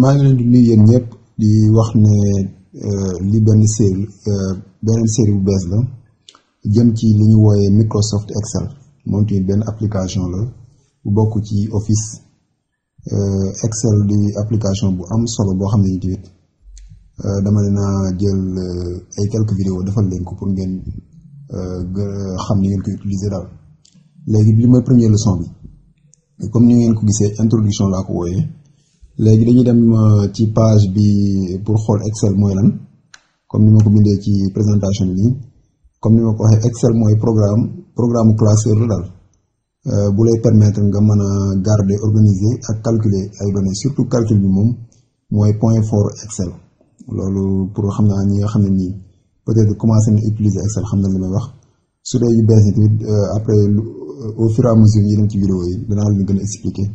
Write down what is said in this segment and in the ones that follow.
maa ngi leen di nuyu yéen ñëpp di wax ne euh, li benn série euh, beneen bu bees la jëm ci li ñu wooyee Microsoft Excel moom tamit benn application la bokk ci Office euh, Excel di application bu am solo boo xam ne ñu tamit dama leen a jël ay quelques vidéos defal leen ko pour ngeen xam ni ngeen koy utiliser daal léegi bi mooy première leçon bi comme ni ngeen ko gisee introduction laa ko wooyee léegi dañuy dem euh, ci page bi pour xool Excel mooy lan comme ni ma ko bindee ci présentation bi comme ni ma ko waxee Excel mooy programme programme classeur la daal euh, bu lay permettre nga mën a garder organiser ak calculer ay données surtout calcul bi moom mooy point fort Excel loolu pour xam naa ñi nga xam ne nii peut-être commencé ni utiliser Excel xam na li may wax su dee yu bees yi tamit euh, après au fur et à mesure yi dem ci vidéo yi danaa leen gën a expliquer.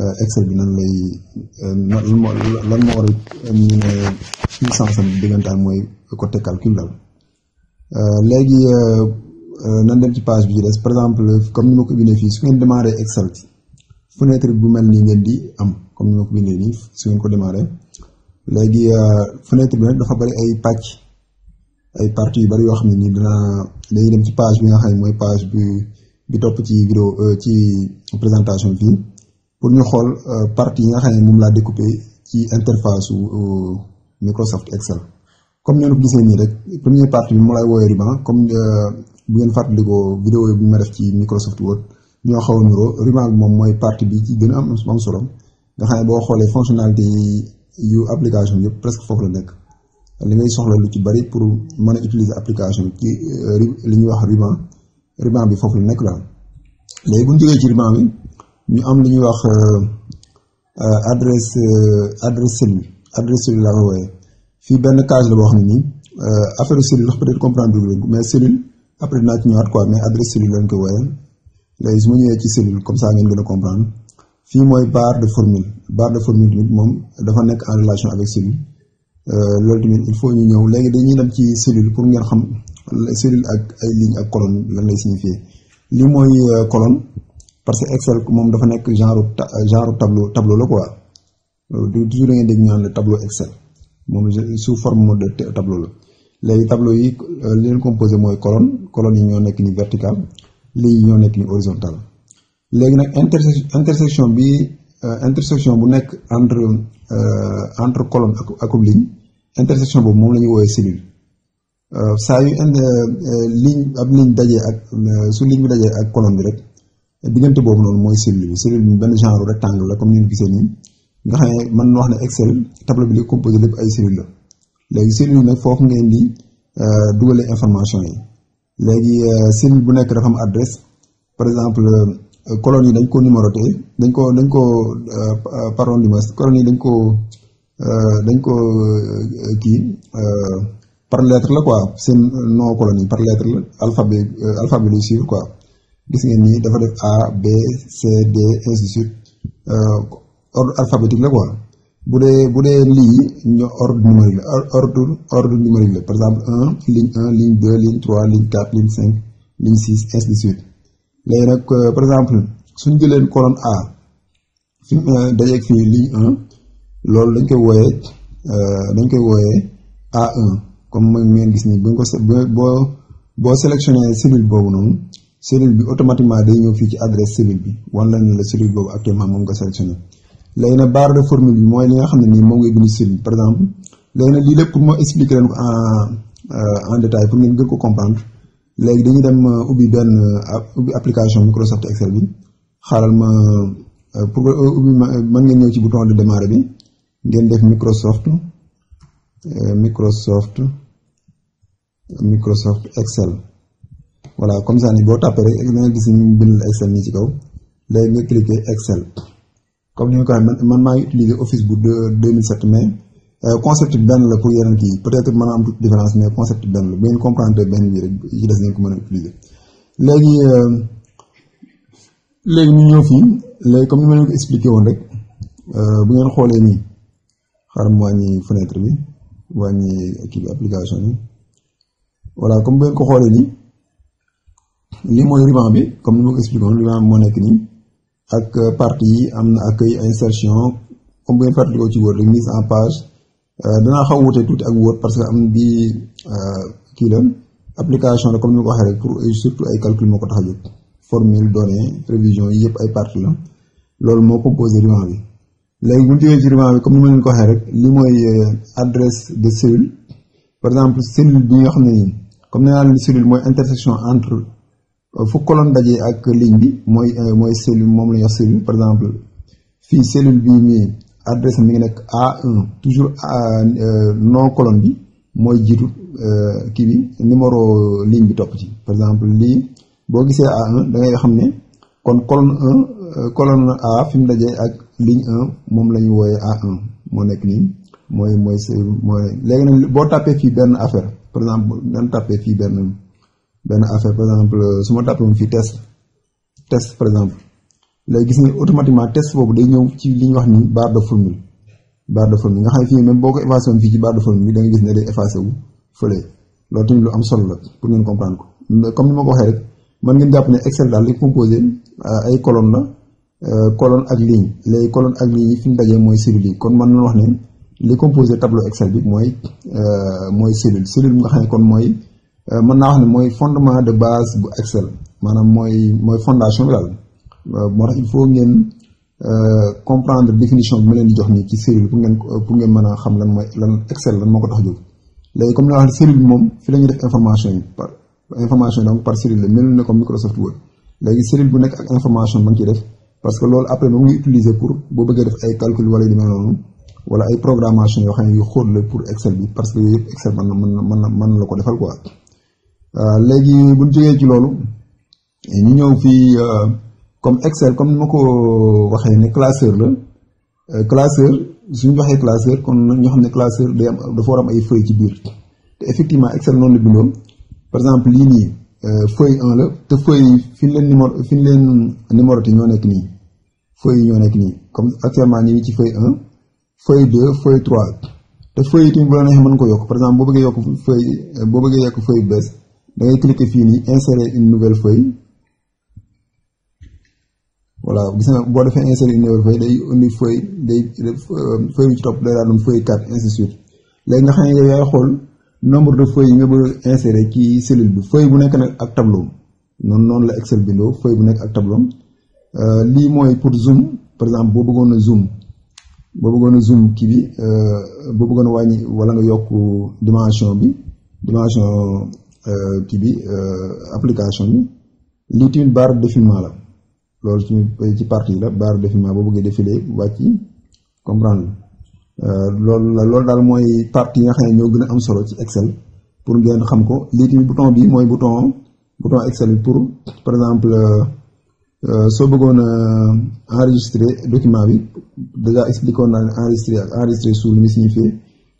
Euh, excel bi nan lay euh, lan moo lan moo war a euh, ñu ne puissance am diggantaan mooy côté calcul bi ci par exemple comme ni ma ko bindee fii su ngeen démarrer excel fenêtre bu mel nii ngeen di am comme ni ma ko bindee nii su ngeen ko démarrer léegi fenêtre bi nag dafa bari ay pàcc ay parties yu bari yoo xam ne nii dinaa dañuy dem ci page bi nga xam ne mooy page bi bi topp ci vidéo ci présentation fii pour ñu xool euh, partie yi nga xam ne moom laa découpé ci interface su euh, Microsoft Excel comme ni ko gisee nii rek première partie bi mu lay woowee ruban comme euh, bu ngeen fàttalikoo vidéo yi bu ñu ma def ci Microsoft Word ñoo xaw a nuroo ruban bi moom mooy partie bi ci gën a am am solo nga xam ne boo xoolee fonctionnalité yu application yëpp presque foofu la nekk li ngay soxla lu ci bari pour mën a utiliser application ci li ñu wax ruban ruban bi foofu la nekk daal léegi ñu am lu ñuy wax euh, adresse euh, adresse cellule adresse cellule laa ko wooyee fii benn case la boo xam ne nii euh, affaire cellule ndax peut être comprendre lu mais cellule après dinaa ci ñëwaat quoi mais adresse cellule lañ koy wooyee léegi su ma ñëwee ci cellule comme de formule barre de formule tamit moom dafa nekk en relation avec cellule loolu tamit il faut ñu ñëw léegi dañuy dem ci cellule pour ngeen xam cellule ak ay ligne ak colonne lan lay signifier li mooy colonne. parce que Excel moom dafa nekk genre genre tableau tableau la quoi toujours da ngeen dégg ñu naan tableau Excel moom sous forme de tableau la léegi tableau yi euh, li leen composé mooy colonne colonne yi ñoo nekk ni vertical lignes yi ñoo nekk ni horizontal léegi nag intersection bi euh, intersection bu nekk entre euh, entre colonne ak ak ligne intersection boobu moom la ñuy woowee cellule saa yu ligne ab ligne dajee ak su ligne bi dajee ak colonne bi rek. diggante boobu noonu mooy cellule bi cellule bi benn genre rectangle la comme ni ñu gisee nii nga xam ne wax ne Excel tableau bi li composé lépp ay cellule la léegi cellule nag foofu ngeen di euh, dugalee information yi léegi euh, cellule bu nekk dafa am adresse par exemple euh, colonne yi dañ ko numéroté dañ ko dañ ko pardon du moins yi dañ ko dañ ko kii par lettre la quoi seen nom colonne par lettre la alphabet alphabet lu suivre quoi gis ngeen ni dafa def A B C D ainsi de euh, ordre alphabétique la quoi bu dee bu dee lii ñu ordre numérique la ordre ordre numérique la par exemple 1 ligne 1 ligne 2 ligne 3 ligne 4 ligne 5 ligne 6 ainsi nag euh, par exemple suñ jëleen colonne A fi euh, dajeeg fii ligne 1 loolu dañ koy wooyee dañ koy wooyee A1 comme ngeen gis ni bu ñu ko boo boo sélectionné cellule boobu noonu. cellule bi automatiquement day ñëw fii ci adresse cellule bi wan la ne la cellule boobu actuellement moom nga sélectionné léegi nag barre de formule bi mooy li nga xam ne nii moom ngay bind cellule par exemple léegi nag lii lépp pour moo expliquer leen ko en euh, en détail pour ngeen gën ko comprendre léegi dañu dem euh, ubbi benn euh, ubbi application Microsoft Excel bi xaaral ma pour ubbi man ngeen ñëw ci bouton de démarrer bi ngeen def Microsoft Microsoft Microsoft Excel. voilà comme ça ni boo tàppee rek da nga gis ñu bindal Excel nii ci kaw léegi nga cliquer Excel comme ni nga ko man maa ngi Office bu de mais euh, concept bi benn la pour yeneen kii peut-être mën a am toute différence mais concept benn la bu ngeen comprendre benn bi rek ci des ngeen euh, woon rek euh, bu ngeen xoolee nii xaaral mu wàññi fenêtre bi wàññi kii bi application bi voilà comme bu ngeen ko xoolee nii. lii mooy ruban bi comme ni ma ko expliqué woon bi moo nekk nii ak euh, partie yi am na accueil insertion comme bu ngeen ci Word rek en page euh, danaa xaw wutee tuuti ak Word parce que am bi euh, kii la application la comme ni ma ko waxee rek pour surtout ay calcul ay partie la loolu moo composé ruban bi léegi ñu jógee ci ruban comme ni ko waxee rek li mooy adresse de par exemple cellule bi nga xam ne nii comme nee naa leen mooy intersection entre fu colonne dajee ak ligne bi mooy euh, mooy cellule moom la ñu wax par exemple fii cellule bii mii adresse mi ngi nekk a toujours euh, non colonne bi mooy jiitu euh, kii bi numéro ligne bi topp ci par exemple lii boo gisee A1 da xam ne kon colonne 1 A fi mu dajee ak ligne 1 moom lañuy ñu wooyee A1 moo nekk nii mooy mooy cellule mooy léegi nag boo tàppee fii benn affaire par exemple nan tàppee fii benn. benn affaire par exemple euh, su ma tapé woon par exemple léegi gis nga automatiquement test boobu day ñëw ci li ñu wax ni barre de formule barre de formule nga xam ne fii boo ko effacé woon fii ci barre day effacé wu fële loolu tamit lu am solo la pour ngeen comprendre ko comme ni ma ko waxee rek man ngeen jàpp ne Excel daal li composé euh, ay colonne la euh, colonne ak ligne léegi colonne ak ligne yi fi ñu dajee mooy cellule yi kon man nañu wax ne li composé tableau Excel bi mooy mooy cellule cellule bi nga xam kon mooy Euh, mën naa wax ne mooy fondement de base bu Excel maanaam mooy mooy fondation bi daal euh, moo tax il faut ngeen euh, comprendre définition bi ma leen di jox nii ci cellule pour ngeen pour ngeen mën a xam lan mooy lan Excel lan moo ko tax jóg léegi comme li wax cellule bi moom fi la def information yi par information la mel ne comme Microsoft Word léegi cellule bu nekk ak information ba nga ciy def parce que loolu après moom ngi utiliser pour boo bëggee def ay calcul wala yu mel noonu la ko defal quoi Euh, léegi bu ñu jógee ci loolu ñu ñëw fii euh, comme Excel comme ni ma ko waxee ne classeur la euh, classeur suñu waxee classeur kon ñoo xam ne classeur day am dafa war am ay feuilles ci biir te effectivement Excel noonu la bindoon par exemple lii nii feuille 1 la te feuille fi ñu leen numéro fi ñu leen numéroté ñoo nekk nii feuille ñoo nekk nii comme actuellement ñu ngi ci feuille 1 feuille 2 feuille 3 te feuille yi tamit bu la neexee mën ko yokk par exemple boo bëggee yokk feuille boo bëggee yokk feuille bees. da ngay cliquer fii nii insérer une nouvelle feuille voilà gis na boo defee insérer une nouvelle feuille day indi feuille day euh, feuille bi ci topp day daal doon feuille 4 ainsi nga xam ne yow yaay xool nombre de feuilles yi nga bëgg insérer ci cellule bi feuille bu nekk nag ak tableau noonu noonu la Excel bindoo feuille bu nekk ak tableau euh, lii mooy pour zoom par exemple boo bëggoon a zoom boo bëggoon a zoom kii bi euh, boo bëggoon a wàññi wala nga yokk dimension bi dimension. Euh, kii bi euh, application bi lii tamit barre de défilement la loolu ci ci partie la barre de défilement boo bëggee défilé wàcc comprendre euh, loolu la loolu daal mooy partie yi nga xam ne ñoo gën a am solo ci Excel pour ngeen xam ko lii tamit bouton bi mooy bouton bouton Excel bi pour par exemple soo bëggoon a enregistrer document bi déjà expliqué woon naa ne enregistrer ak enregistrer sous lu muy signifier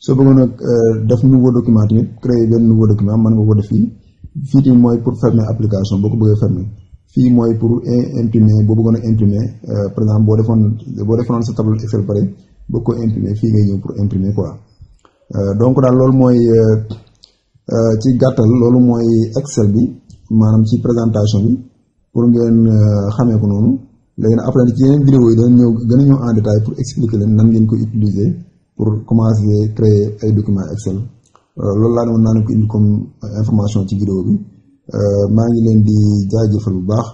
soo bëggoon nag euh, def nouveau document tamit créer benn nouveau document man nga ko def fii tamit mooy pour fermer application boo ko bëggee fermer fii mooy pour imprimer boo bëggoon a imprimer euh, par exemple boo defoon boo defoon sa tableau Excel pare boo ko imprimer fii ngay ñëw euh, donc daal loolu mooy ci gàttal loolu mooy Excel bi maanaam ci présentation bi pour ngeen xamee ko noonu léegi nag après ci yeneen vidéo yi dana ñëw gën a ñëw en détail pour expliquer leen nan ngeen ko utiliser. pour commencer créer ay documents Excel euh, loolu laa ne woon naa ne ko indi comme information ci vidéo bi euh, maa ngi leen di jaajëfal bu baax